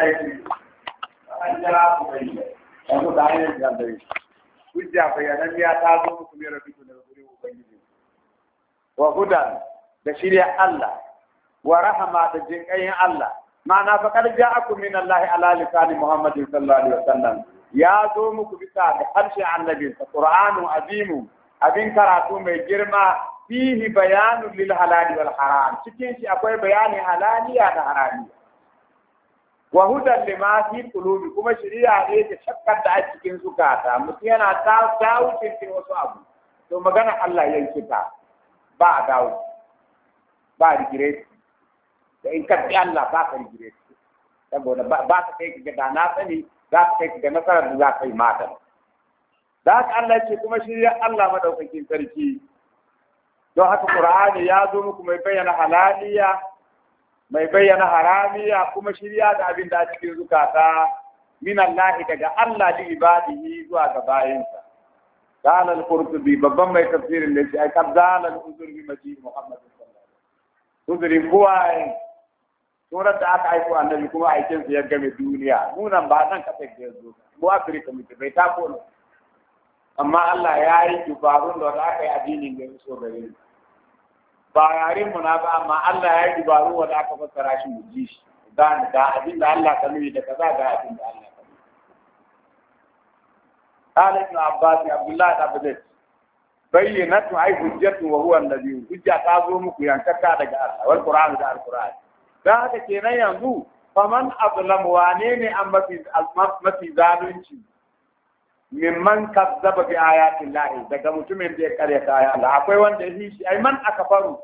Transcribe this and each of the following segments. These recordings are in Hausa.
ya da shirya Allah wa rahama da jinƙayin Allah ma'ana fa kad ja'akum min Allah ala lisani Muhammadu sallallahu alaihi wasallam ya zo muku bisa da harshen annabi Qur'anu azimu abin karatu mai girma fihi bayanu lil halali wal haram cikin shi akwai bayanin halaliya da haramiya wa hudan lima fi qulubi kuma shari'a ne ta shakkar da a cikin zukata mutum yana ta dawo cikin wasu abu to magana Allah ya yi ta ba a dawo ba a rigire da in ka Allah ba ka rigire saboda ba ka kai ga da na sani za ka kai ga nasarar da za ka yi mata da haka Allah ce kuma shari'a Allah madaukakin sarki don haka Qur'ani ya zo muku mai bayyana halaliya mai bayyana haramiya kuma shirya da abin da a cikin zukata min Allah daga Allah ibadi ibadihi zuwa ga bayinsa قال القرطبي babban mai tafsirin da shi ai kad zalal bi majid muhammad sallallahu alaihi wasallam kuwa surar da aka aiko annabi kuma aikin sa ya game duniya nunan ba nan kasa ga yanzu ko afirka mutu bai ta ko amma Allah ya yi dubarun da aka yi addinin da so da shi ba yare mu na ba amma Allah ya yi dubaru wanda aka fassara shi mu ji shi gane da abin da Allah ka nuna, da kaza ga abin da Allah ka nuni قال ابن عباس da الله بن عباس بينت اي حجه وهو hujja ta zo muku yankaka daga Allah wal Qur'an da Al-Qur'an da haka kenan yanzu faman azlam wane ne an mafi zalunci man kazzaba bi ayatin lahi daga mutumin da ya karyata aya Allah akwai wanda ya shi ai man aka faru"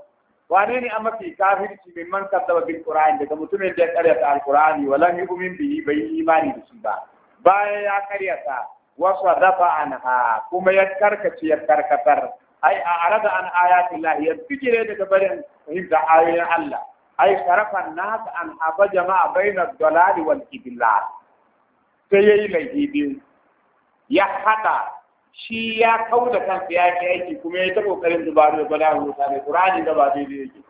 wane ne a mafi kafirci mimman kazzaba bil qur'ani daga mutumin da ya karyata alqur'ani walan yu'min bihi bai imani da shi ba bayan ya karyata wa sadafa anha kuma ya karkace ya karkatar ai a arada an ayatin lahi ya bijire daga barin fahimta ayoyin Allah ai sharafan nas an haba jama'a bainar dalali wal ibillah sai yayi laifi biyu ya haɗa shi ya kauta da kansa ya ke aiki kuma ya ta ƙoƙarin dubaru da bala rubuta mai ƙurani da ba daidai yake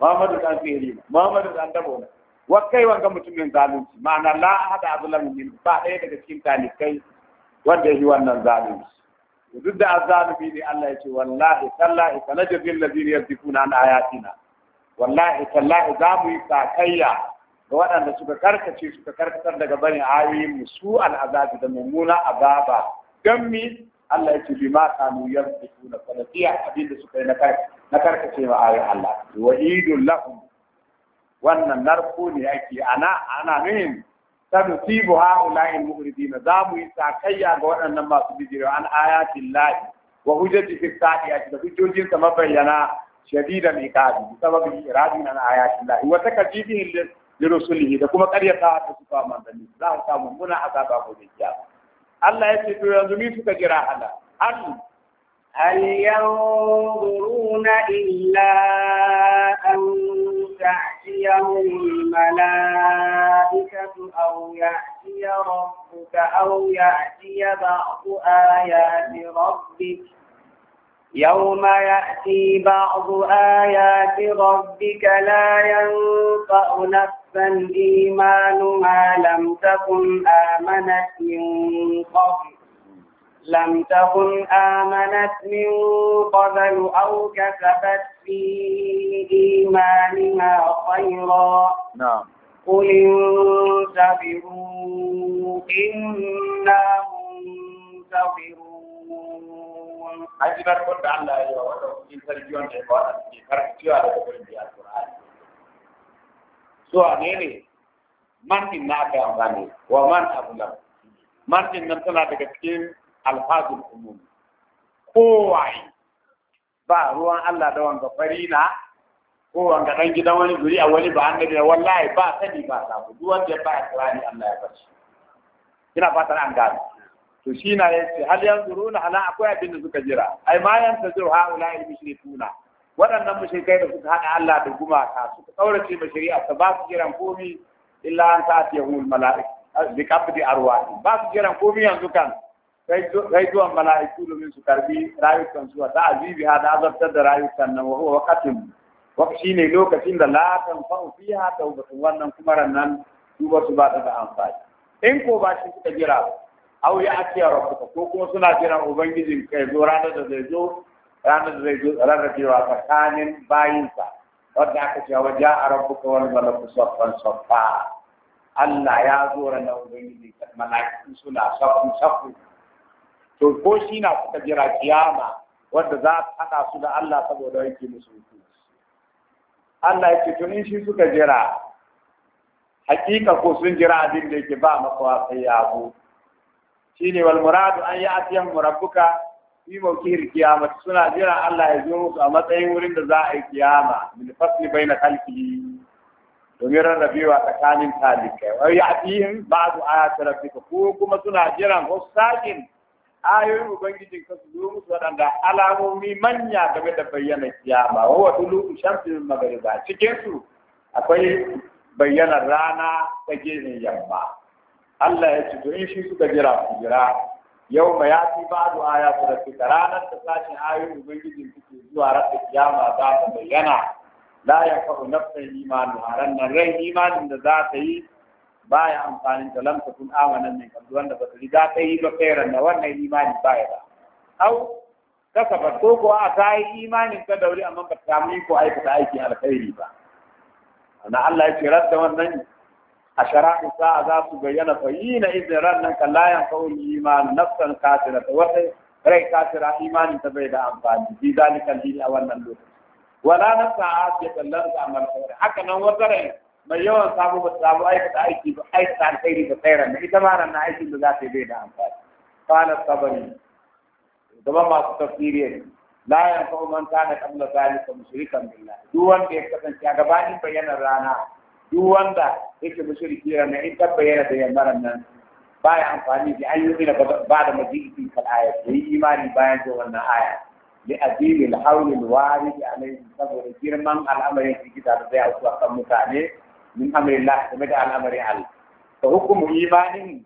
Muhammadu dan fere Muhammadu dan dabo wa kai wanga mutumin zalunci ma'ana la hada azlamu min ba ɗaya daga cikin talikai wanda yi wannan zalunci duk da azalumi ne Allah ya ce wallahi tallahi sanajil ladina yadikuna an ayatina wallahi tallahi za mu yi sakayya ga waɗanda suka karkace suka karkatar daga bani ayoyin mu su al'azabi da mummuna azaba dan mi Allah yake bi ma kanu yanzu na falatiya abin da suka yi na kai na karkace ma ayoyin Allah wa idul wannan narko ne yake ana ana nuhin tabu tibu ha ulain mu'ridina za mu yi sakayya ga waɗannan masu bijirwa an ayatin lahi wa hujjati fi sa'iyati da hujjojin sa mabayyana shadidan iqabi sababi iradina ayatin lahi wa takajibihi lil لرسله ده كما قد يتا تسفا ما دني لا تام منا عذاب ابو جيا الله يسي تو يوم ني فك جرا هل ينظرون الا ان تاتيهم الملائكه او ياتي ربك او ياتي بعض ايات ربك يوم ياتي بعض ايات ربك لا ينفع نفس الإيمان ما لم تكن آمنت من قبل لم تكن آمنت من قبل أو كسبت في إيمانها خيرا نعم قل انتظروا إنا منتظرون أجبر كنت على أيها وأنتم في ترجون إخوانا في فرق سيارة القرآن zuwa ne ne martin na aka amfani wa man abula martin nan tana daga cikin alfazin umum kowaye ba ruwan Allah da wanga na, ko wanga dan gidan wani guri a wani ba annabi wallahi ba sani ba sabo duk wanda ba kirani Allah ya bashi ina fatan an gano. to shi na yace hal yanzuruna ala akwai abin da suka jira ai ma yantaziru haula ilmi mushrikuna waɗannan mushrikai da suka hana Allah da gumaka suka kaurace ma shari'a ta ba su jiran komi illa an ta ta yahul mala'ik bi qabdi arwahi ba su jiran komi yanzu kan sai zuwan mala'iku domin su karbi rayukan su ta azibi ha da azabtar da rayukan nan wa huwa waqatin shi ne lokacin da la tanfa'u fiha tawbatun wannan kuma rannan tuba su ba da amfani in ko ba shi suka jira au ya ake rabbuka ko kuma suna jiran ubangijin kai zo ranar da zai zo ranar da zai rarrabewa tsakanin bayinsa wadda aka ce wa ja a rabbuka wal malaku soffan soffa Allah ya zo ranar ubangiji malakin suna soffin saffu to ko shi na suka jira kiyama wadda za a haɗa su da Allah saboda yake musu hukunci Allah ya ce tuni shi suka jira hakika ko sun jira abin da yake ba makawa sai ya zo shine wal muradu an yi ya'tiyan rabbuka fi mawqihil kiyama suna jira Allah ya zo musu a matsayin wurin da za a yi kiyama min fasli baina khalqi domin rarrabewa tsakanin talikai wai ya ba'du ayati rabbika ko kuma suna jiran wasu sakin ayoyin ubangijin ka su zo musu waɗanda alamomi manya game da bayyana kiyama wa wa tulu shamsin magariba cikin su akwai bayyanar rana ta gefen yamma Allah ya ci to in shi suka jira su jira yau ma ya fi ba da aya su da fita ranar da sashen ayoyin ubangijin suke zuwa rasa kiyama za ta bayyana la ya faru nafsar imanu a ranar rai imanin da za ta yi ba ya amfanin da lamta kun amanan mai kalli wanda ba su riga ta yi ba kairan na wannan imanin ba ya ba au kasa ba ko ko a ta yi imanin ta dauri amma ba ta samu ko aikata aikin alkhairi ba ana Allah ya ce radda wannan a shara'in sa'a za su bayyana fa na izin ranar ka layan kawai imanin nafsan kafira ta wata rai kafira imanin ta bai da amfani bi zalikan dini a wannan lokaci wala na sa'a ke kallar da amal kawai haka nan wata rai mai yawan samu ba samu aikata aiki ba aikata alkhairi ba tsairan na ita mara na aikin da za ta bai da amfani kwanar sabari gaba masu tafsiri la yanfa'u man kana qabla zalika mushrikan billah duk wanda ya kasance a gabanin bayanan rana duk wanda yake mushriki ran in tabbayana da yammaran nan baya amfani da ayyuka na ba da majibi kal aya da imani bayan da wannan aya li adil al hawl al warid alayhi saboda girman al'amarin cikin da zai auku akan mutane min amrillah game da al'amarin Allah ka hukumu imanin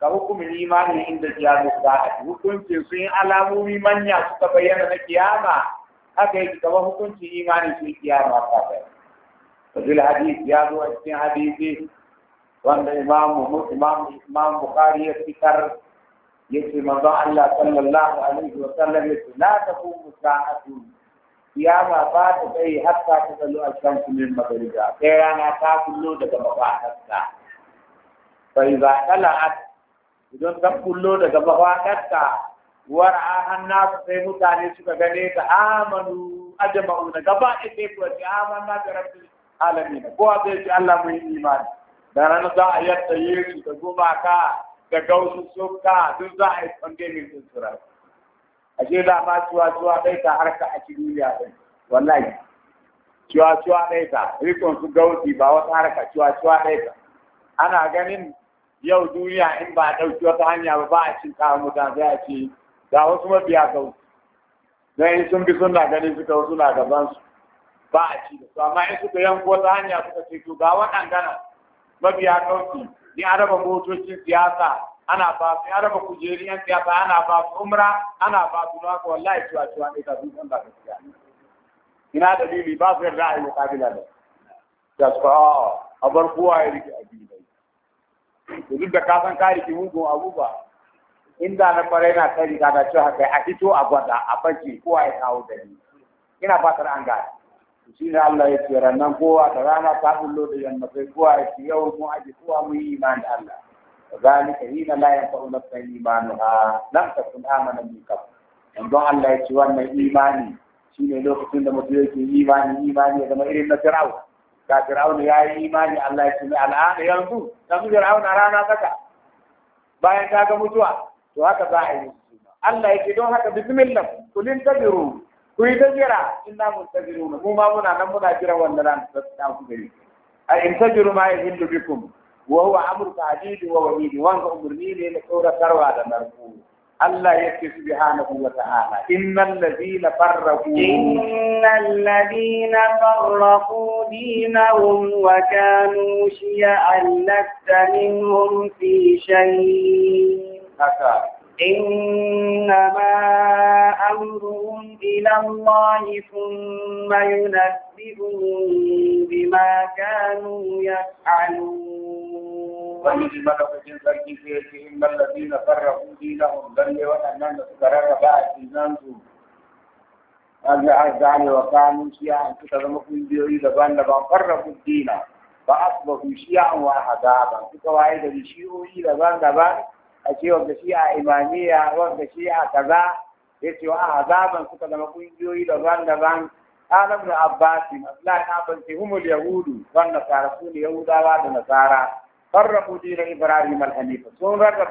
ka hukumu imanin inda kiyamu sa'ati hukuncin sun yi alamomi manya suka bayyana na kiyama haka yake kamar hukuncin imanin sun kiyama ta bayyana fil hadith ya zo a cikin hadisi wanda imamu imamu imam bukhari ya fitar yace manzo Allah sallallahu alaihi wa sallam yace la taqumu sa'atu kiyama ba ta kai hatta ta zalo a shamsu min magariba sai rana ta kullo daga mafaɗarta fa iza tala'at idan ta kullo daga sai mutane suka gane ta amanu ajma'u na gaba ɗaya sai kuwa ta amanna da alamin kowa zai ce Allah mun yi imani da ranar za a yadda Yesu da gumaka da gausu suka duk za a yi kwandemin din A ashe da ma ciwa ciwa dai ta harka a cikin duniya din wallahi ciwa ciwa dai ta rikon su gausi ba wata harka ciwa ciwa dai ta ana ganin yau duniya in ba a ɗauki wata hanya ba ba a cin kawo mutane sai a ce ga wasu mabiya gausi don in sun bi suna ganin suka wasu na gabansu ba a ci da su amma in suka yanko ta hanya suka ce to ga waɗangana mabiya kauki ni an raba motocin siyasa ana ba su an raba kujerun yan siyasa ana ba su umra ana ba su na haka wallahi cewa cewa ne ka zuwan ba gaskiya ina dalili ba su yarda a yi kabila da da su a bar kowa ya rike biyu bai to duk da ka san ka rike mugun abu ba inda na yana na riga da cewa kai a fito a gwada a bace kowa ya kawo dalili ina fatar an gane shine Allah ya ce ranar kowa da rana ta bullo da yamma sai kowa ya ce yau mu aji kowa mu yi imani Allah zalika hina la yanfa'u nafsan nan lam sun amana min qabl don Allah ya ce wannan imani shi ne lokacin da mutum yake imani imani ya zama irin na Fir'aun ka ne ya yi imani Allah ya ce al'ada yanzu dan Fir'aun rana saka bayan ta ga mutuwa to haka za a yi Allah ya ce don haka bismillah kulin tabiru ku yi ta jira in na mun ta jiru, mu ma muna nan muna jira wannan ran da ta ku gari a in ta jiru ma ya hindu bikum wa huwa amru ta'didi wa wahidi wanga umurni ne na tsora tarwa da narku Allah ya ce subhanahu wa ta'ala innal ladina farraqu innal ladina farraqu dinahum wa kanu shi'an lasta minhum fi shay haka إنما أمرهم إلى الله ثم ينبئهم بما كانوا يفعلون. ومن الملك من بيت فيهم الذين فرقوا دينهم بل وأن تكرر بعد إيمانهم. أن أعزاني وكانوا شيعا تتلمقوا بيوري لبان لبان فرقوا الدين فأصبحوا شيعا واحدا فكوائد الشيوعي لبان لبان a ce wanda shi a imamiya, wanda shi a kaza ya ce wa zaben suka zama kungiyoyi daban-daban قال ابن عباس أبلاء عباس Yahudawa da Nasara. سون يهودا والنصارى فرقوا دين إبراهيم الحنيف سون رقب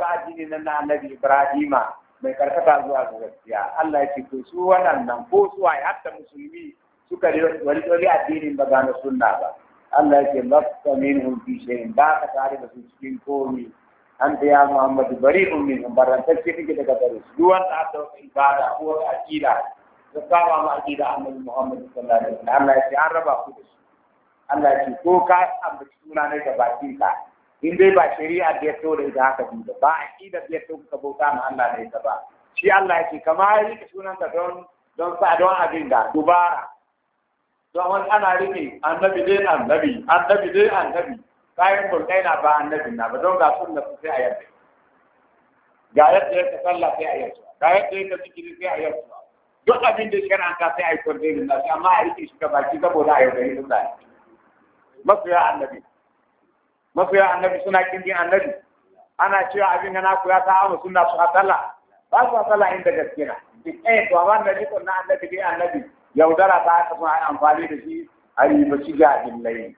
na النبي إبراهيم mai karkata zuwa ga gaskiya Allah ya ce to su wannan ko su ai hatta musulmi suka wani dole addinin ba gane sunna ba Allah ya ce lafta minhum fi shay'in ba ka tare da su cikin komi anta ya muhammadu bari'un minhum barantacce kake daga gare su duk wanda aka dauka ibada ko wata aqida da kama ma aqida annabi muhammadu sallallahu alaihi wasallam Allah ya ce an raba ku da su Allah ya ce ko ka ambaci suna ne da bakin ka in dai ba shari'a da ya tore da haka bi ba aqida da ya tore ka bauta ma Allah ne ta ba shi Allah ya ce kamar rike sunan ka don don sa don abin da dubara don wani ana rike annabi dai annabi annabi dai annabi kayan burkai na ba annabi na ba don ga sunna sai a yarda ga yadda ya sallah sai a yarda ga yadda ya zikiri sai a yarda duk abin da shari'a ta sai a yi kwardenin nasu amma a rike shi ka baki saboda a yaudari mutane masoya annabi masoya annabi suna kingin annabi ana cewa abin gana ku ya ta amu suna su hasala ba su hasala inda gaske na duk ɗaya to amma na rikon na annabi dai annabi yaudara ta haka suna amfani da shi a yi ba shi ga illai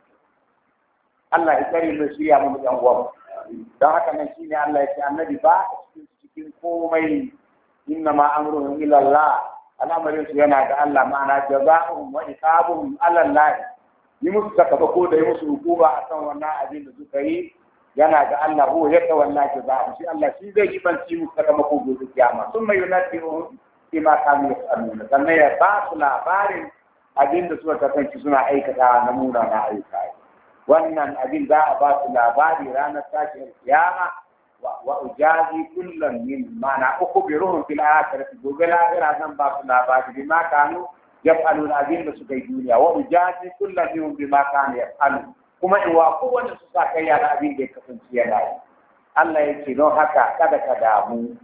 Allah ya tsare mu shirya mu ɗan uwan don haka nan shine Allah ya ce annabi ba cikin cikin komai inna ma amruhum ila Allah al'amarin su yana ga Allah ma'ana jaza'uhum wa iqabuhum ala Allah yi musu ko da yi musu hukuma akan wannan abin da suka yi yana ga Allah ko ya wannan jaza'uhum shi Allah shi zai yi banci musu sakamako gobe kiyama sun mai yunatiruhum bima kanu yas'aluna sannan ya ba su labarin abin da suka kasance suna aikata na munana ayyuka wannan abin za a ba su labari ranar tashin kiyama wa ujazi kullum min mana uku bi ruhun fil akhirati gobe lahira zan ba su labari bi ma kanu yaf'alun abin da suka yi duniya wa ujazi kullum min bi ma kanu yaf'alun kuma in wa kowanne su sa kai yana abin da ya kasance yana Allah ya ce haka kada ka damu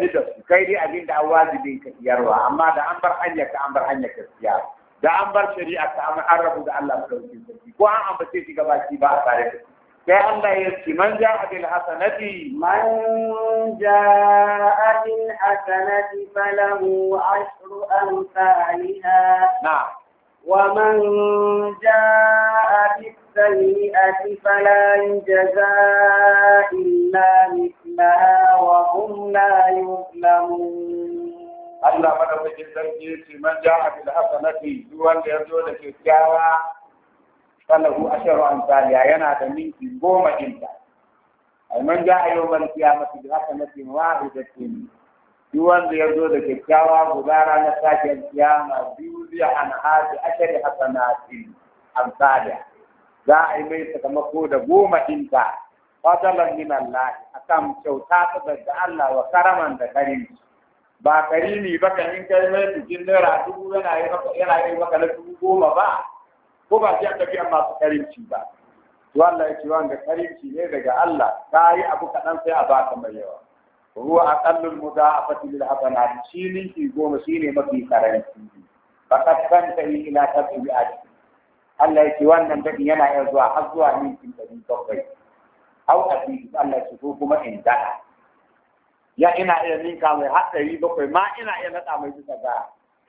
ni da su kai dai abin da an wajibin ka siyarwa amma da an bar hanya ka an bar hanya ka siyarwa da an bar shari'a ta an rabu da Allah madaukakin sarki ko an ambace shi gabaki ba a tare sai Allah ya ce man ja'a bil hasanati man a bil hasanati falahu ashru amsalha a ومن جاء بالسيئة فلا يجزى إلا مثلها وهم لا يظلمون Allah madaukakin sarki ya ce man ja'a bil hasanati duk wanda ya zo da kyakkyawa falahu asharu amsaliha yana da minti goma inda ai man ja'a yawmal qiyamati bi hasanatin wahidatin duk wanda ya zo da kyakkyawa guda ranar sake kiyama biyu zai an haji ashari hasanati amsaliha za a yi mai sakamako da goma inda fadalan min Allah akan kyauta ta daga Allah wa karaman da karinci ba karini ba kan in kai mai bikin naira dubu yana yi maka yana yi maka na dubu goma ba ko ba sai tafi an masu karinci ba to Allah ya ce wanda karinci ne daga Allah ka yi abu kaɗan sai a baka mai yawa ruwa aqallul mudafati lil hasanat shi ninki goma shi ne mafi karanci fakat kanta ila a ajri Allah ya ce wannan dadin yana iya zuwa har zuwa ninki 700 au asibi Allah ya ce ko kuma in dada ya ina iya ninka mai haɗari bakwai ma ina iya naɗa mai bisa ga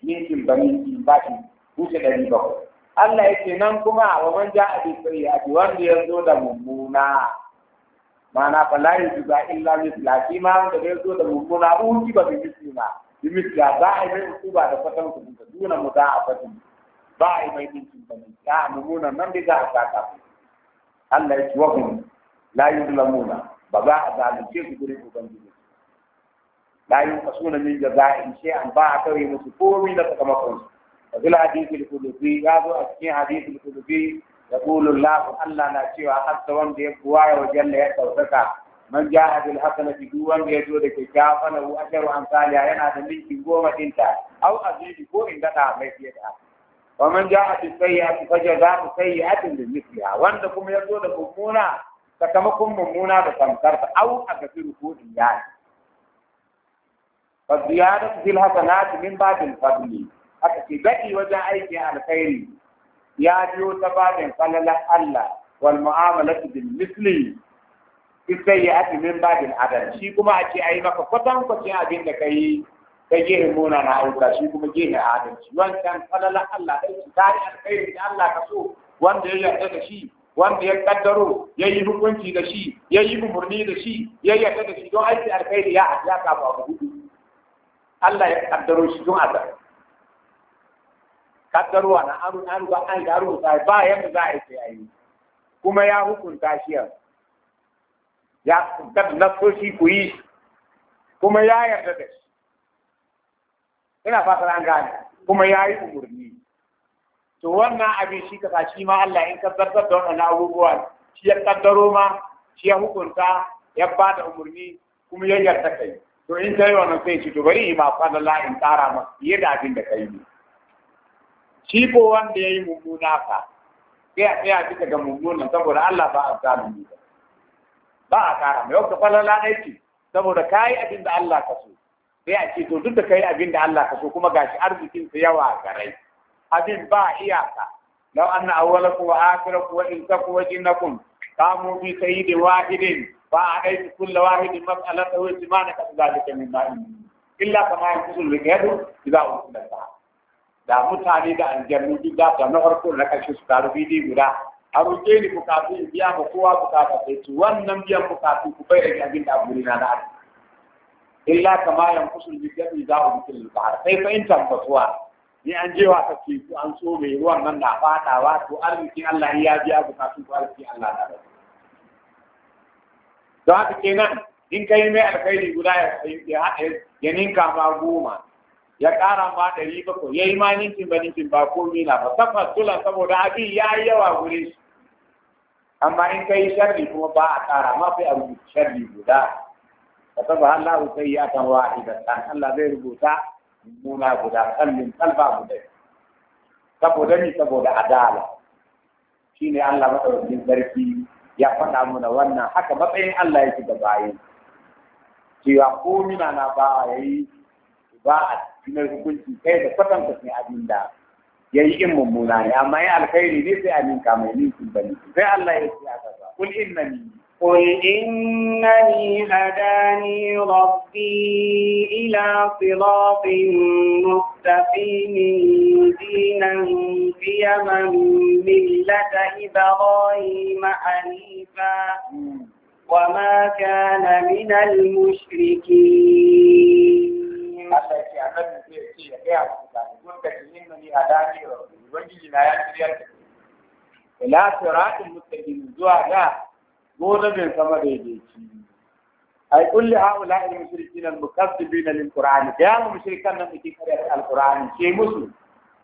ninkin ba ninkin ba shi wuce ɗari bakwai Allah ya ce nan kuma wa man ja'a bi sayyi'ati wanda ya zo da mummuna ma'ana fa la ba illa mithla shi ma wanda ya zo da mummuna uki ba bi mithla bi mithla za a yi mai hukuma da fatan ku da duna mu da a fatan ba a yi mai dinkin ba ya mummuna nan da za a saka Allah ya ce wa hum la yuzlamuna ba za a zalunce ku gurin ubangiji la yunqasuna min jaza'in shay'an ba a kawai musu komai na sakamakon su وفي الحديث القدسي قالوا أسكي حديث القدسي يقول الله الله ناتشي حتى وان دي بوايا وجل يتوسكا من جاء بالحسنة دوان يجو دي كافا له أجر أمثالها ينا دمين في قومة انت أو أزيد كو إن دقا ميسيتها ومن جاء بالسيئة فجزاء سيئة بمثلها وان دكم يجو دكم مونا تكمكم مونا بسمكرت أو أكثر كو إياه fa ziyadatu fil hasanati min babin fadli aka ce gadi wajen aikin alkhairi ya biyo ta babin falalan Allah wal mu'amalatu bil misli sai ya ati min babin shi kuma a ce ayi maka kwatan abinda abin da kai ta gehe muna na auka shi kuma gehe adalci wancan falalan Allah kai shi tare alkhairi da Allah ka so wanda ya yarda da shi wanda ya kaddaro ya yi hukunci da shi ya yi umarni da shi ya yarda da shi don aiki alkhairi ya ya kafa abu hudu Allah ya kaddaro shi don azar kaddarwa na an an ga an ga rubuta ba yadda za a yi sai yi kuma ya hukunta shi ya ya shi ku yi kuma ya yarda da shi ina fatan an gane kuma ya yi umurni to wannan abin shi kasa shi ma Allah in kaddartar da wannan abubuwa shi ya kaddaro ma shi ya hukunta ya ba da umurni kuma ya yarda kai to in ta yi wannan sai ci to bari ma fadala in tara ma fiye da abin da kai ne shi ko wanda ya yi mummuna ka sai a tsaya kika ga mummunan saboda Allah ba a zalimi ba ba a tara mai wata falala aiki saboda ka yi abin da Allah ka so sai a ce to duk da ka yi abin da Allah ka so kuma gashi arzikin sa yawa garai abin ba iyaka law anna awwalakum wa akhirakum wa insakum wa jinnakum qamu bi sayyidin wahidin فأعطيت كل واحد هو ائتمانك كذلك من ماء إلا كما ينقص الوكاد إذا أوصل الساعة da mutane da aljannu duk za ta na farko na kashe su taru bidi guda a roƙe ni bukatu in biya ma kowa bukata sai ci wannan biyan bukatu ku bai da abin da aburi na da illa kama yan kusul bi gadi za a mutul bahar sai fa in tambatuwa ni an jewa ta ku an so mai ruwan nan na to Allah ya biya bukatun ku Allah na da don haka kenan in kai mai alkhairi guda ya ya ninka ba goma ya ƙara ma ɗari bakwai ya yi ma ninkin ba ninkin ba komi na ba tabbas tulan saboda abin ya yi yawa gure shi amma in kai sharri kuma ba a ƙara ma sai a rubuta sharri guda ka taba Allah sai ya kan wahidatan Allah zai rubuta muna guda kallin kalba guda saboda ni saboda adala shine Allah madaukakin sarki ya faɗa muna wannan haka matsayin Allah yake da bayan cewa ko mina na ba ya yi ba a cikin hukunci kai da kwatanta ne abin da ya yi in mummuna ne amma ya alkhairi ne sai abinka mai ninkin bane sai Allah ya ce aka ba kul innani قل إنني هداني ربي إلى صراط مستقيم دينا قيما ملة إبراهيم حنيفا وما كان من المشركين. إلى صراط المستقيم gona mai sama daidaici ai kulli haula il mushrikin al mukaththibin lil qur'an ya mu mushrikan nan cikin kare al qur'an ce musu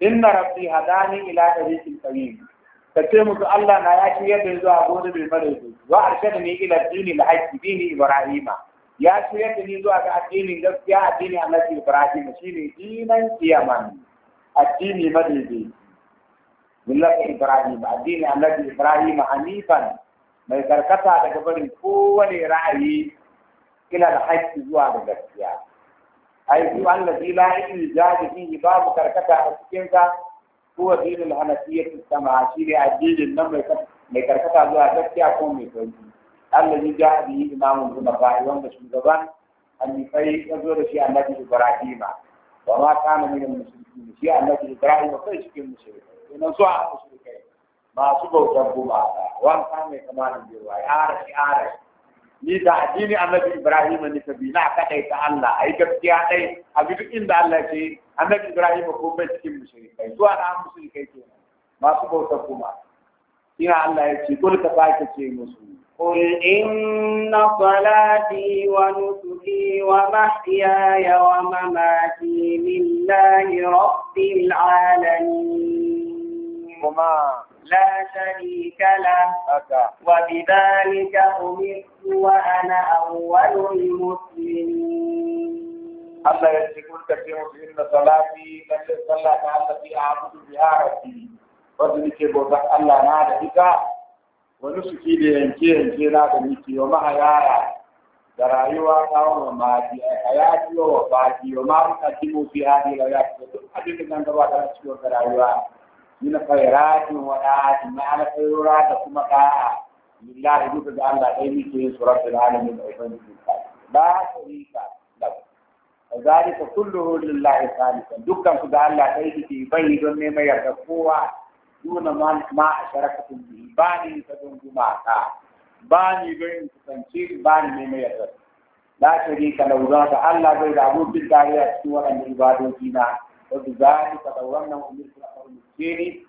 inna rabbi hadani ila tariqil qawim kace musu Allah na ya shirya da zuwa gona mai madaidaici wa ni ila dini al haqq dini ibrahima ya shirya da ni zuwa ga addinin gaskiya addinin annabi ibrahim shine dinan kiyaman addini madaidaici millati ibrahim addini annabi ibrahim hanifan mai karkata daga barin kowane ra'ayi ila da haƙƙi zuwa da gaskiya ai duk allazi la iljaji fihi babu karkata a cikin ka huwa dinul hanafiyyah sama shi ne addinin nan mai mai karkata zuwa gaskiya ko mai sauki allazi ja'a imamu imamun hunafa wanda shugaban annifai ya zo da shi annabi ibrahima wa ma kana min al-mushrikin shi annabi ibrahima kai cikin mushrikai nan su a mushrikai masu bautar gumaka wanka mai kamanin birwa ya arashi arashi ni da addini annabi ibrahim ni kabila kadai ta Allah ai gaskiya dai a duk inda Allah ke annabi ibrahim ko bai cikin mushrikai zuwa da mushrikai ke masu bautar kuma ina Allah ya ce kul ka sake ce musu قل إن صلاتي ونسكي ومحياي ومماتي لله رب العالمين. لا شريك له وبذلك أمرت وأنا أول المسلمين الله يجزيكم كثير إن ta لن تصلى التي أعبد بها ربي وذلك ke bautar Allah na da ita wani suki da yanke yanke na da niki wa da rayuwa ta wa maji a hayati wa wa fati wa ma muka kimo fi hadi la ya duk abin da nan gaba da ciwon rayuwa min khairatin wa da'atin na na khairura da kuma da'a lillahi duka ga Allah dai ne ke suratul alamin da ubangiji ba shirika da zalika kulluhu lillahi khalisan dukkan su ga Allah dai ke bai don ne mai yarda kowa duna ma a sharakatun bihi ba ni ta don gumaka ba ni don kusanci ba ni ne mai yarda la shirika lahu don Allah bai da abokin dariya cikin waɗannan ibadoji na wa bi zalika da wannan umirtu umarce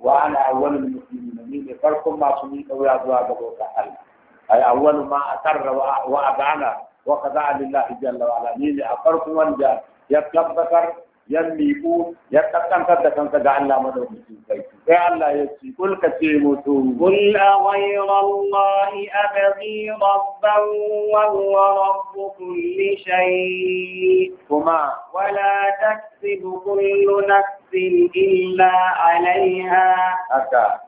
wa ana awwalul muslimin ni ne farkon masu ni daura zuwa ga bauta Allah ai awwalu ma asarra wa abana wa qada'a lillahi jalla wa ala ni ne a farkon wanda ya tabbatar ya miƙo, ya kaskantar da kanka ga Allah madaukakin sarki sai Allah ya ce kul ka ce mutu kul a ghayra Allah abghi rabban wa huwa rabb kulli shay kuma wala taksibu kullu nafs نفس إلا عليها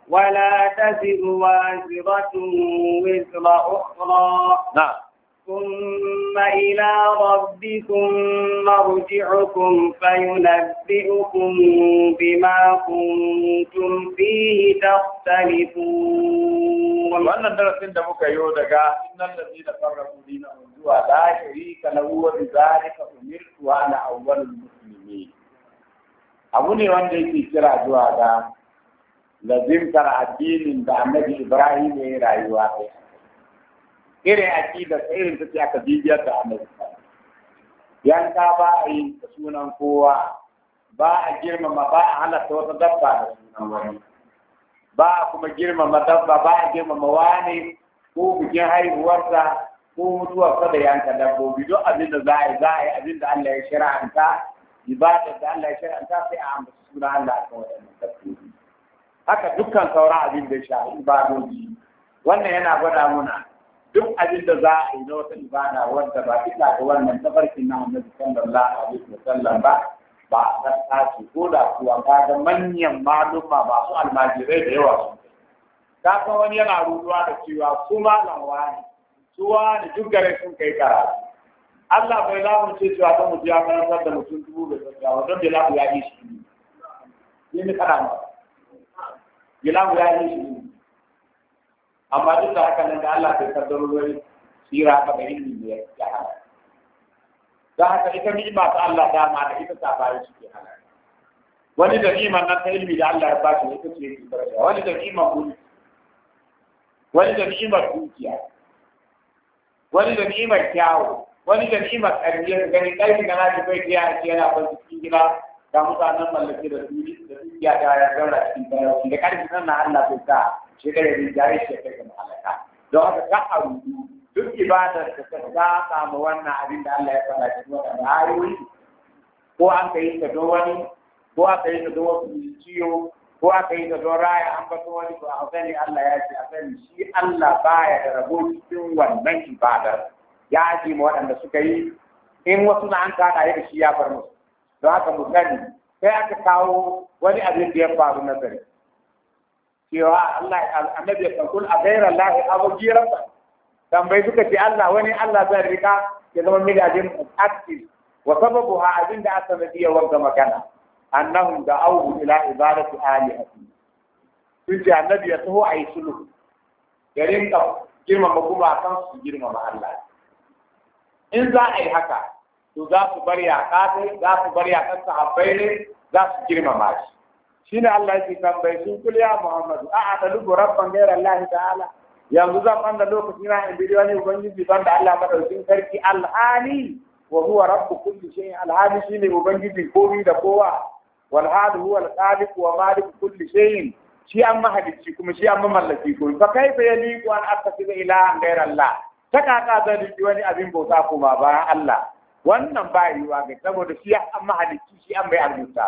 ولا تزر وازرة وزر أخرى نعم ثم إلى ربكم مرجعكم فينبئكم بما كنتم فيه تختلفون وأن الدرس إن الذين فرقوا دينهم سوى لا شريك له وبذلك أمرت وأنا أول المسلمين abu ne wanda yake kira zuwa ga lazimtar addinin da annabi ibrahim ya yi rayuwa kai irin aki da irin ta ce aka bibiyar da annabi ta ba a yi da sunan kowa ba a girmama ba a halatta wata dabba da sunan wani ba a kuma girmama dabba ba a girmama wani ko bikin haihuwarsa ko mutuwarsa da yanka dabbobi duk abin da za a yi za a yi abin da Allah ya shira'anta ibadar da Allah ya ta sai a amsa suna Allah a kan waɗannan haka dukkan sauran abin da sha ibadoji wannan yana gwada muna duk abin da za a yi na wata ibada wanda ba bisa ga wannan tafarkin na Annabi sallallahu alaihi wasallam ba ba a tsaki ko da kuwa ka ga manyan maluma ba su almajirai da yawa su. ka san wani yana ruduwa da cewa su malam wani su wani duk garin sun kai karatu Allah bai lamunce cewa ta mutu ya karantar da mutum dubu da gaggawa don bilamu ya yi shi ne. Yi ni kana ba. Bilamu ya yi shi ne. Amma duk da haka nan da Allah bai kaddaro wai tsira ka bai yi ne ya hana. Don haka ita ni'ima ta Allah dama da ita ta bayan shi ke hana. Wani da ni'iman nan ta ilimi da Allah ya ba shi ita ce yake karanta. Wani da ni ni'iman mulki. Wani da ni ni'imar dukiya. Wani da ni ni'imar kyawu. wani jami'ar ƙarfi ya gani ƙarfi na nashi bai kiya a yana ban cikin gida ga mutanen mallake da su da su ya da ya zaura cikin talauci da ƙarfi nan na Allah bai sa shekarar da jari shekarar da mahalaka don haka ka a rubu duk ibadar da ta saba ma wannan abin da Allah ya faɗa cikin waɗanda ayoyi ko an ka yi ta don wani ko aka yi ta don wasu ciwo ko aka yi ta don raya an bato wani ko a sani Allah ya ce a sani shi Allah baya da rabo cikin wannan ibadar. ya ji ma waɗanda suka yi in wasu na an kada ya shi ya bar musu don haka mu sani sai aka kawo wani abin da ya faru nazari cewa Allah annabi ya kul a ghayra Allah abu dan bai suka ce Allah wani Allah zai rika ya zama midajin akti wa sababu ha abin da aka nabi ya wanga magana annahum awu ila ibadati alihati sun ce annabi ya taho a yi sulhu ya rinka girmama kuma a kan su girmama Allah in za a yi haka to za su bar yaƙa za su bar yaƙar sahabbai ne za su girmama shi shine Allah yake tambaye sun kul ya Muhammadu a atalubu rabban ghayra Allah ta'ala yanzu zan banda lokaci na in bidiyo ne ubangiji banda Allah madaukin sarki alhali wa huwa rabbu kulli shay alhali shine ubangiji komi da kowa wal hal huwa al khaliq wa malik kulli shay shi an mahalicci kuma shi an mamallaki komai fa kaifa yaliqu an attakhidha ilahan ghayra Allah ta kaka zan riki wani abin bauta kuma ba Allah wannan ba yiwa ga saboda shi an mahalicci shi an mai albuta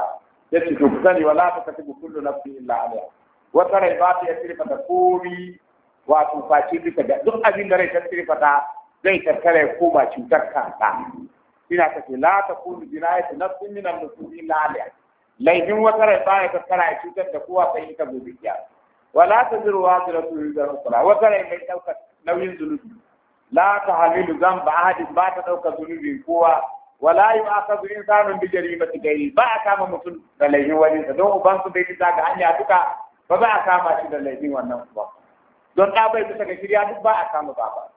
ya ce to kusani wala ta katibu kullu nafsi illa Allah wata rai ba ta yasrifa da komi wato faci duka da duk abin da rai ta sirfa da zai karkara ya koma cutar kanka ina ta ce la ta kunu jinayatu nafsin min al-nufus illa Allah laifin wata rai ba ya karkara ya cutar da kowa sai ita gobe kiya wala ta zuru wa zira su da da wata rai mai daukar nauyin zulubi la ta hamilu zan ba ahadin ba ta ɗauka zunubin kowa wala yi ba ka zurin samun bijiri ba gari ba a kama mutum da laifin wani sa don uban su bai fita hanya duka ba za a kama shi da laifin wannan ba don ɗa bai bisa ga shirya duk ba a kama baba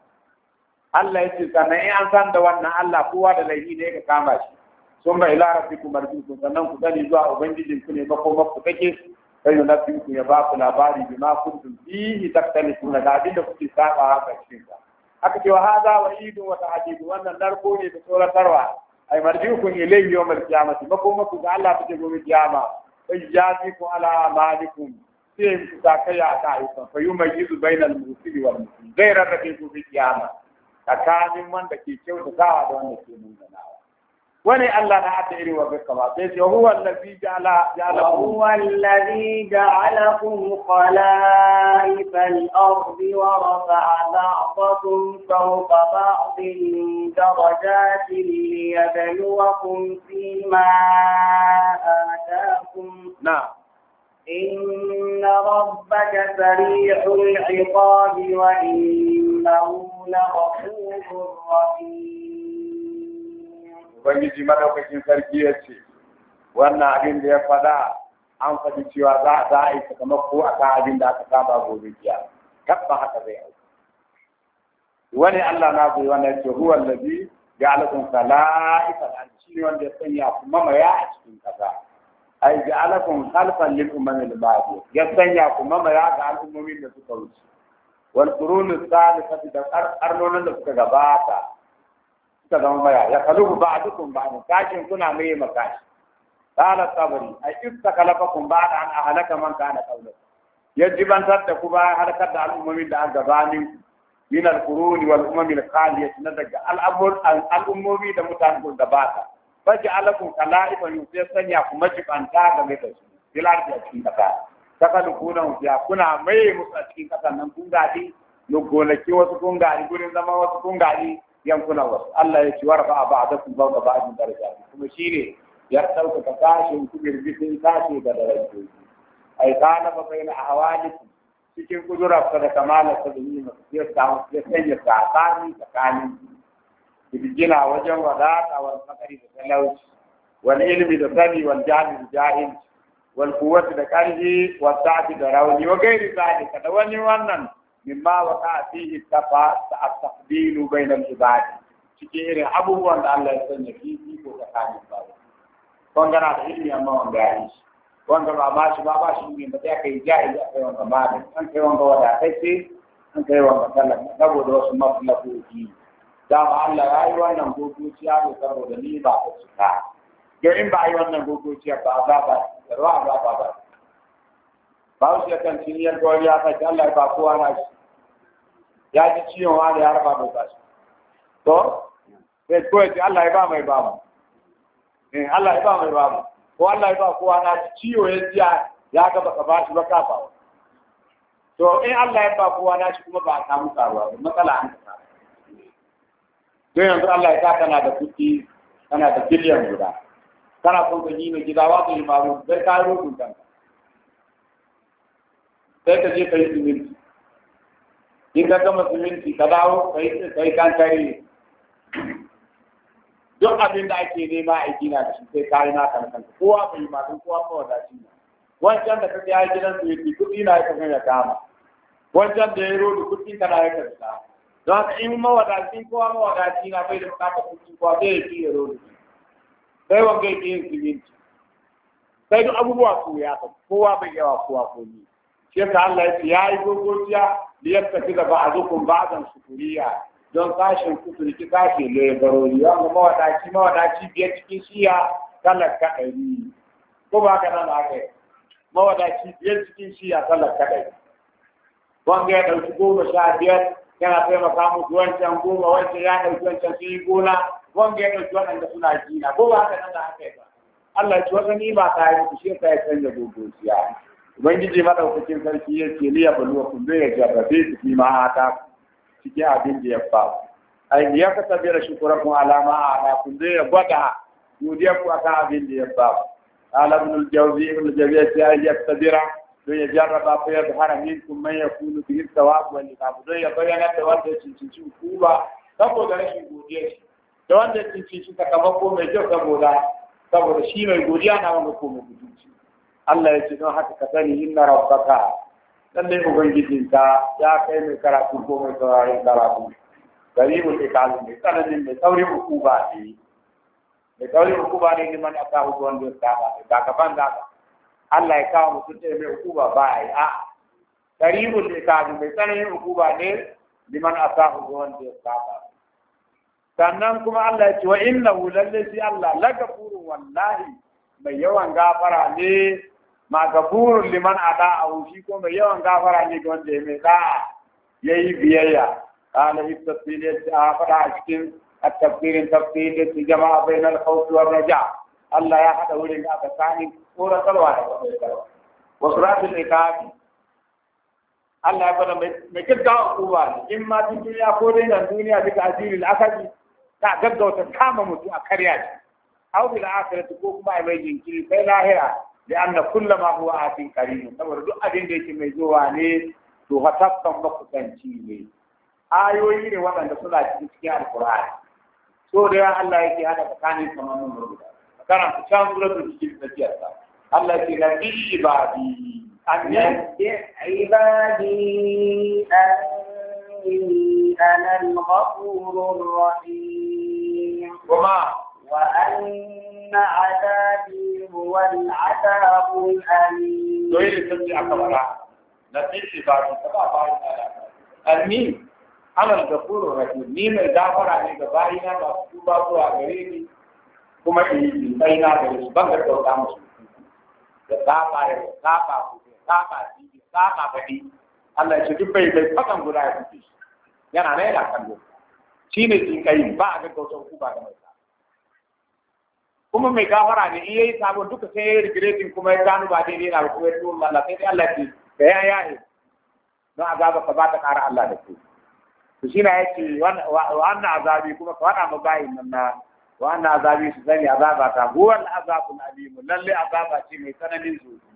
Allah ya ce sannan in an san da wannan Allah kowa da laifi ne ka kama shi sun ba ila rabbikum marjiukum sannan ku gani zuwa ubangijin ku ne ba ko ku kake sai yunabbiku ya ba ku labari bima kuntum fihi takhtalifuna da abin da kuke saba haka ka aka ce wa haza wa idun wa tahdidu wannan narko ne da tsoratarwa ay marjiukum ilayhi yawm al ba makoma ku ga Allah take gobe kiyama sai yazi ku ala malikum sai ku ta kai a ta yi fa yumayyizu bainal musili wal muslim zai rarrabe gobe kiyama tsakanin wanda ke kyautatawa da wanda ke munanawa ولي الله نعتبر وبقضاء وهو الذي جعل جعل وهو الذي جعلكم خلائف الأرض ورفع بعضكم فوق بعض درجات ليبلوكم فيما آتاكم نعم إن ربك سريع العقاب وإنه لغفور رحيم ubangiji madaukakin sarki ya ce wannan abin da ya faɗa an faɗi cewa za a za a yi sakamako a kan abin da aka saba gobe jiya tabba haka zai aiki. wani Allah na goyi wannan ce huwa allazi ja'alakum khala'ifal ard shine wanda ya sanya ku mamaya a cikin kasa ai ja'alakum khalfan lil umami al ba'di ya sanya ku mamaya ga al'ummomin da suka wuce wal qurun as-salifati da qarnonan da suka gabata suka zama maya ya kalubu ba a dukkan ba ne kashin kuna mai makashi kala sabari a ista kun ba da an ahalaka man kana kaula ya jibantar da ku bayan harkar da al'ummomi da an gabanin min al-quruni wal umam al-khaliyat na daga al'ummomi da mutanen da ba ta baje alakum kala'ifan yusai sanya kuma ga game da su filar da cikin kasa saka kuna ya kuna mai musu cikin kasan nan kun gadi gonaki wasu kun gadi gurin zama wasu kun gadi yankunan wasu Allah ya ci warfa ba'dakum fawqa ba'din darajat kuma shine ya sauka kashin ku girgizin kashi da darajoji ai kana ba baina ahwalikum cikin kudura da kamala ta da yi ya samu ya sanya tsakani tsakanin bijina wajen wadata wal fakari da talauci wal ilimi da sani wal jahil jahil Wani quwwati da karfi wal da rauni wa gairi zalika da wani wannan مما وقع فيه التقديل بين العباد تجير ابو وند الله يسن في في وكان الباب كون غنا دين يا ما غاريش كون غبا ما شبا با شي مين بدا كان جاهل يا كون ما بعد كان كون غوا دا تسي كان كون مثلا في نفسي دا الله راي وانا بوكو تيا لو كرو دني با تشا جيم با يوان بوكو تيا با با با روا با با با باوسيا كان سينير كوليا فجالا با ya ji ciwon wani ya raba mai shi to sai ya ce Allah ya ba mai mu eh Allah ya ba mai mu ko Allah ya ba kowa na ciwo ya ji ya ga baka shi ba ka ba to in Allah ya ba kowa na shi kuma ba a samu karuwa ba matsala an ta don yanzu Allah ya ka kana da kuɗi kana da biliyan guda kana son ka yi mai gida ba ka yi maru sai ka yi rukun kanka sai ka je ka yi siminti in ka gama siminti ka dawo kai kan kare duk abin da ake nema a gina da shi sai kayi yi na kanka kowa bai yi masu kowa kowa da shi wancan da ka ya gidan su yi kuɗi na yaka kan ya kama wancan da ya rodi kuɗi ka na yaka da don haka in mawadaci kowa mawadaci na bai da kafa kuɗi kowa zai yi ya rodi sai wanga yake yin siminti sai duk abubuwa su ya kowa bai yawa kowa komi shi yasa Allah ya ce ya yi dogon liyattafi ba'dukum ba'dan sufuriya don sashen ku su ki sashe lebarori wanda mawadaci mawadaci biyar cikin shiya talaka ɗari ko ba ka nan aka yi mawadaci biyar cikin shiya talaka ɗari wanga ya ɗauki goma sha biyar yana taimaka musu wancan goma wancan ya ɗauki wancan sun yi gona wanga ya ɗauki waɗanda suna jina ko ba ka nan da aka yi ba Allah ya ci wata nima ta yi shi ya sa ya canza ubangiji madaukakin sarki ya ce liya baluwa kun zai ya jarrabe su fi ma'ata cikin abin da ya ba ai ya ka tabi da kun alama ala kun zai ya gwada godiya ku akan abin da ya ba ala ibn al-jawzi ibn al-jawzi ya ce ai ya ba don ya jarraba ku ya zahara minkum man yakunu bihi thawab wani iqab don ya bayyana da wanda ya cincinci hukuma saboda rashin godiya shi da wanda ya cincinci sakamako mai kyau saboda saboda shi mai godiya na wani ko mai mutunci Allah ya ce don haka ka sani inna rabbaka ubangijin ka, ya kai mai karatu ko mai sauraron karatu garibul ikalu mai tsananin mai saurin hukuma ne mai saurin hukuma ne liman aka hudu wanda ya saba ne ba gaban da Allah ya kawo mutum ɗaya mai hukuma ba a yi a garibul ikalu mai tsananin hukuma ne man aka hudu wanda ya ba. sannan kuma Allah ya ce wa innahu lallai Allah lagafurun wallahi mai yawan gafara ne ma gafurun liman a da'ahu shi ko mai yawan gafara ne ga wanda ya mai da, ya yi biyayya kana yi tafsirin a fada a cikin a tafsirin tafsirin da su jama'a bai na alkhawfi wa naja Allah ya hada wurin da aka sani ko na salwa da wa suratul ikafi Allah ya fada mai kirga uba ne in ma tun duniya ko dai na duniya duka asirin asali ta gaggauta kama mutum a kariya karya ce. da akirata ko kuma a mai jinkiri sai lahira لأن كل ما هو آت قريب saboda duk abin da yake mai zuwa ne to fa tabban makusanci ne ayoyi ne waɗanda suna cikin cikin alkur'ani so da yawa Allah yake hada tsakanin kamannin murmuda kana ku can suratul cikin tafiyar sa Allah yake la bi ibadi annan ibadi anni ana al العظيم والعذاب الأليم دويل تنجي أكبر نسيش بعد سبع بعد الميم أنا الغفور الرحيم ميم عن duk bai bai fakan guda ya fice kai ba da mai kuma mai gafara ne in yayi sabon duka sai yayi regretting kuma ya gano ba daidai na kuma ya tuwo Allah sai dai Allah ki da ya yaye na azaba ka ba ta kara Allah da ke to shi na yake wannan azabi kuma ka faɗa mu bayin nan na wannan azabi su sani azaba ta huwal azabul alim lalle azaba ce mai tsananin zuci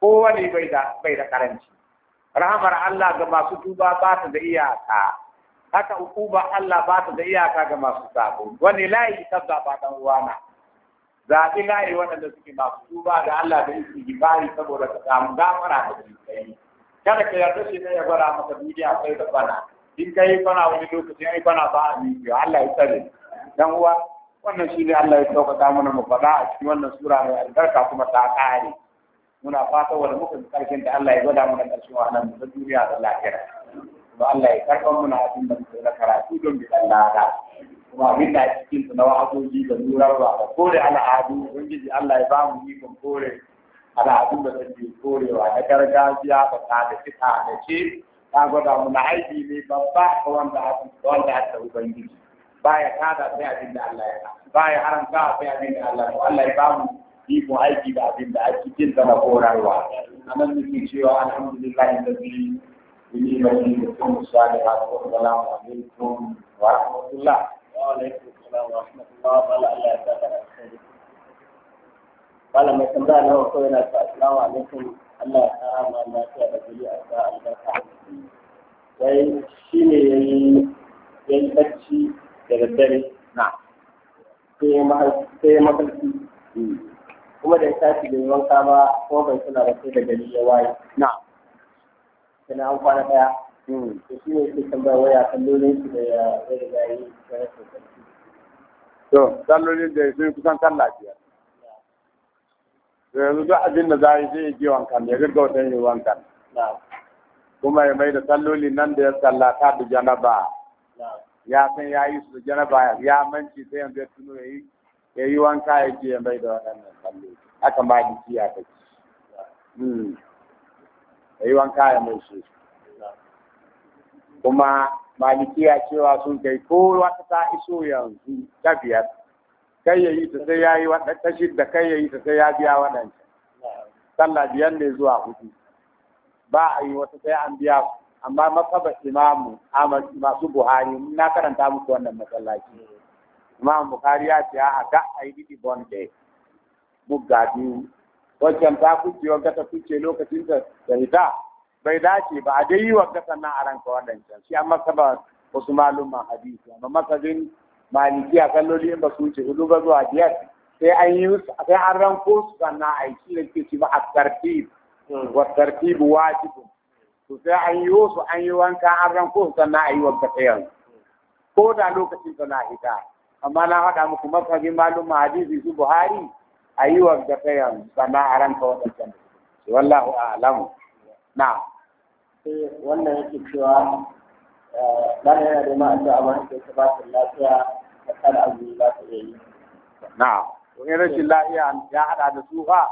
kowane bai da bai da karanci rahamar Allah ga masu tuba ba ta da iyaka haka hukuma Allah ba ta da iyaka ga masu sabo wani layi tabba ba dan uwana zaɓi layi waɗanda suke masu tuba da Allah da isi gibari saboda ka samu gafara da jinkai kada ka yarda shi ne ya gwada maka duniya sai da bana in ka yi bana wani lokacin yi bana ba a biyu Allah ya tsare dan uwa wannan shi ne Allah ya sauƙaƙa mana mu faɗa a cikin wannan sura mai albarka kuma ta ƙare muna fata wani muka ji ƙarfin da Allah ya gwada mana ƙarshen wannan da duniya da lahira to Allah ya karɓar muna abin da da karatu don bi Allah da kuma abin da cikin na wa'azoji da ba da kore al'adu ubangiji Allah ya bamu ikon kore al'adun da take korewa na gargajiya da ta da fita da ce ta gwada mu na aiki ne babba ga wanda aka wanda aka ubangiji baya kada sai abin da Allah ya ya haramta sai abin da Allah ya Allah ya bamu ikon aiki da abin da a cikin sa na korarwa anan nake cewa alhamdulillah da bi بنعمته وكن صالحا والسلام عليكم alaikum wa mai tambaya na wato yana ta assalamu alaikum Allah ya kara ma lafiya da gari a ga albarka wai shine yayi yayi bacci da daddare na sai mafarki hmm. kuma da tashi bai wanka ba ko bai suna ba sai da gari ya waye na sai na an kwana daya to shi ne ke tambaya waya kallolin su da ya yi to kallolin da sun kusan kan lafiya to yanzu duk abin da zai yi sai ya wankan ya gaggauta yin wankan kuma ya mai da kallolin nan da ya tallata da janaba ya san ya yi su janaba ya manci sai yanzu ya tuno ya yi ya yi wanka ya je ya mai da waɗannan kallolin haka ma dukiya ta ce ya yi wanka ya mai shi kuma malikiya cewa sun kai ko wata ta iso yanzu ta biyar kai ya yi ta sai ya yi ta shidda kai ya yi ta sai ya biya waɗanda. sallah biyar ne zuwa hudu ba a yi wata sai an biya su amma makaba imamu masu buhari na karanta muku wannan masallaci imamu buhari ya ce a ga a yi didi bonde mugga biyu wancan ta kuce wanka ta kuce lokacin da hita bai dace ba a dai yi wa nan a ranka waɗancan shi an masa ba wasu malumman hadisi amma masajin maliki a kalloli in ba su wuce hudu ba zuwa biyar sai an yi sai an ranko su sannan a yi shi ne ke ci ba a tartib wa tartib wajibu to sai an yi wasu an yi wanka an ranko su sannan a yi wa yanzu ko da lokacin na hita amma na haɗa muku masabin malumman hadisi su buhari a yi wa yanzu sannan a ranka waɗancan wallahu a'lamu na. wannan yake cewa ɗan eh, yana da ma a ba ke ba ta lafiya da kada azumi ba ta iya yi na'am to in rashin lafiya ya hada da su fa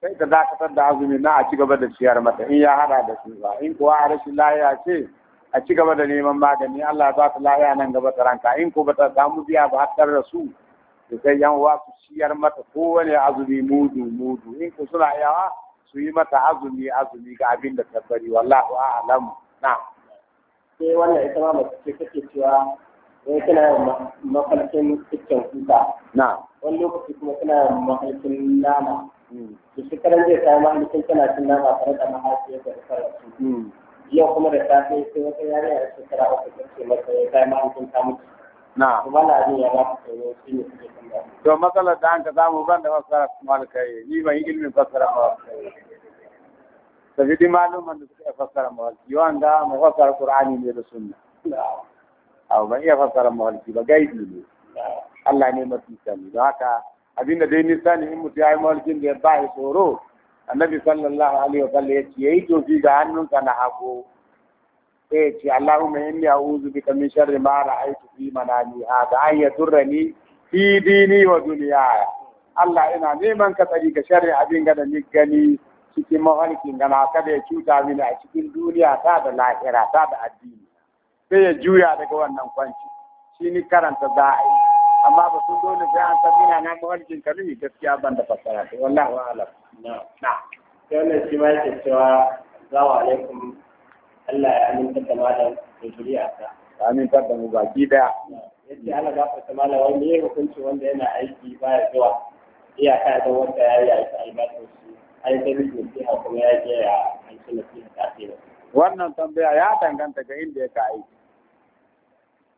sai ta dakatar da azumi na a ci gaba da ciyar mata in ya hada da su ba, in kuwa a rashin lafiya ce a ci gaba da neman magani Allah ba ta lafiya nan gaba ta ranka in ko ba ta samu biya ba har da su da sai yan uwa su ciyar mata kowane azumi mudu mudu in ko suna yawa su yi mata azumi azumi ga abin da tabbari wallahu a'lam na sai wannan ita ma mace ce take cewa wai kana mafarkin kitchen kuka na wani lokaci kuma tana mafarkin nama da hmm. shekaran zai ma mahaifin kana cin nama tare da mahaifiyar da karatu hmm. yau kuma da safe sai wata yarinya a shekara uku ta ce mata ya ta mahaifin ta mutu na to matsala da an ka mu ban da fassara kai ni ban yi ilimin fassara malikai ta fi di maluman da suka fassara malikai yawan da mu fassara qur'ani ne da sunna abu ban iya fassara malikai ba gaibi ne Allah ne mafi sani don haka abinda dai nisa ne in mutu ya yi malikin da ya ba ya tsoro annabi sallallahu alaihi wa sallam ya ce ya yi tofi ga hannunka na hagu sai ya ce Allahumma inni a'udhu bika min sharri ma ra'aytu fi manami hada an yadurrani fi dini wa dunyaya Allah ina neman ka tsari ga sharri abin ga da ni gani cikin mafarkin gana kada ya cuta mini a cikin duniya ta da lahira ta da addini sai ya juya daga wannan kwanci shi ni karanta za a yi amma ba sun dole sai an tafi na nan mafarkin ka ni gaskiya ban da fassara to wallahi wa alam na na sai wannan shi ma yake cewa assalamu alaikum Allah ya aminta da malam da ta. ya aminta da mu baki daya yace Allah gafarta malam wani ne hukunci wanda yana aiki baya zuwa iyaka da wanda ya yi aiki albatin su ai da bisu sai kuma ya je ya aiki na cikin tafiya wannan tambaya ya danganta ga inda ya ka aiki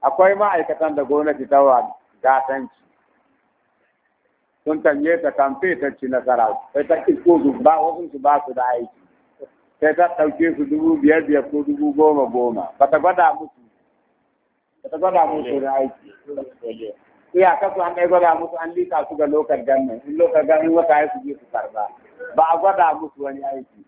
akwai ma'aikatan da gwamnati ta wa gatanci sun tanye ta kamfe ta ci nasara sai ta isko ba wasu su ba su da aiki sai ta ɗauke su dubu biyar biyar ko dubu goma goma ba ta gwada musu ba ta gwada musu da aiki iya kasu an ɗai gwada musu an lika su ga lokar gannan in lokar gannan wata ya su je su karba ba a gwada musu wani aiki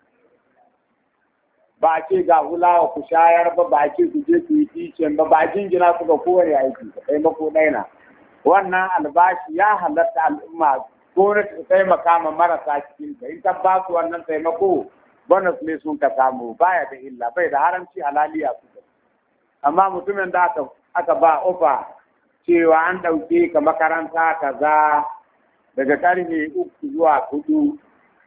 ba a ce ga hulawa ku shayar ba ba a ce ku je ku yi ticin ba ba a jingina su ga kowane aiki ba taimako ɗaina wannan albashi ya halatta al'umma ko ta taimaka ma marasa cikin ta in ta ba su wannan taimako bonus ne sun ka samu baya da illa bai da haramci halaliya su amma mutumin da aka aka ba ofa cewa an ɗauke ka makaranta kaza daga karfe uku zuwa hudu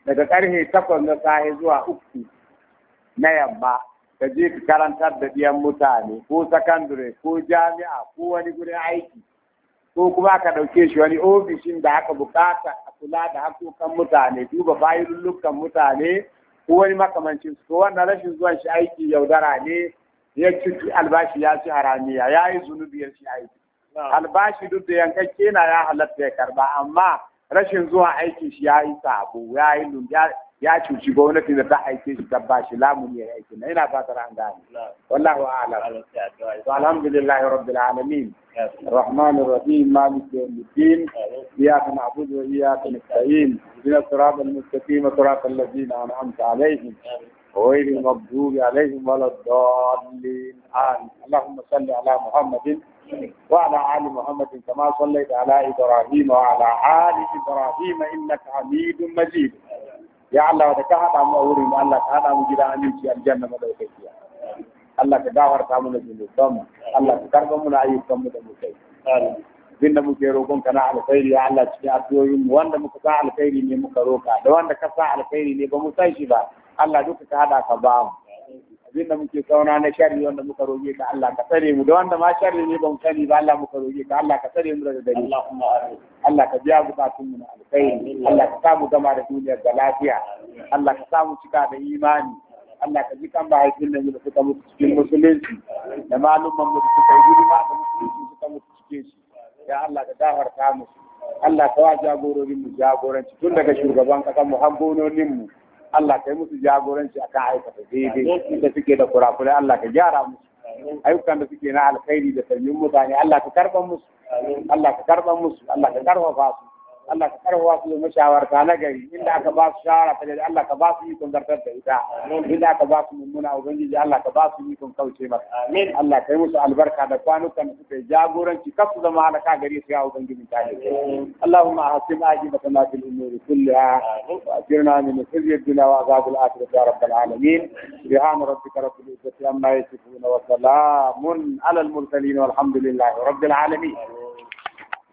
daga karfe takwas na safe zuwa uku na yamma ka je ka karantar da biyan mutane ko sakandare ko jami'a ko wani gurin aiki ko kuma ka ɗauke shi wani ofishin da aka bukata a kula da hakokan mutane duba bayan mutane ko wani makamancin su wannan rashin zuwa shi aiki yaudara ne ya ci albashi ya ci haramiya ya yi zunubi ya ci aiki albashi duk da yankakke na ya halatta ya karba amma rashin zuwa aiki shi ya yi sabo ya yi ya cuci gwamnati da ta aike shi ta bashi lamuni ya aiki na ina fatar an gane wallahu a'lam to alhamdulillah rabbil alamin الرحمن الرحيم مالك يوم الدين اياك نعبد واياك نستعين اهدنا الصراط المستقيم صراط الذين انعمت عليهم غير المغضوب عليهم ولا الضالين امين اللهم صل على محمد وعلى ال محمد كما صليت على ابراهيم وعلى ال ابراهيم انك حميد مجيد ya Allah da ka haɗa mu a wurin mu Allah ka haɗa mu gidan aminci aljanna madaukakiya Allah ka gafarta mu da zunubanmu Allah ka karɓa mu na ayyukan mu da mu bin da muke roƙon na alkhairi ya Allah cikin addu'o'in mu wanda muka sa alkhairi ne muka roka da wanda ka sa alkhairi ne ba mu san shi ba Allah duka ka haɗa ka ba mu abin da muke sauna na sharri wanda muka roge ka Allah ka tsare mu da wanda ma sharri ne ban sani ba Allah muka roge ka Allah ka tsare mu daga dare Allah ka biya bukatun mu na alkhairi Allah ka samu gama da duniyar da lafiya Allah ka samu cika da imani Allah ka ji kan mahaifin nan da suka mutu cikin musulunci da malumman mu da suka yi hidima da musulunci suka mutu cikin shi ya Allah ka gafarta musu Allah ka wa jagororin mu jagoranci tun daga shugaban kasa mu har gononin mu Allah kai musu jagoranci akan aikata daidai da suke da kurakurai Allah ka gyara musu ayyukan da suke na alkhairi da sanyin mutane Allah ka karban musu Allah ka karban musu Allah ka karfafa su Allah ka karwa su da mashawarta na gari inda aka ba su shawara ta Allah ka ba su ikon zartar da ita inda aka ba su mummuna ubangiji Allah ka ba su ikon kauce mata amin Allah ka yi musu albarka da kwanukan da suka jagoranci kar su zama halaka gari su ya ubangiji ta ne Allahumma hasim ajibatana fil umuri kulliha wa ajirna min khizyi dunya wa azab al akhirah ya rabbal alamin سبحان ربك رب العزة عما يصفون وسلام على المرسلين والحمد لله رب العالمين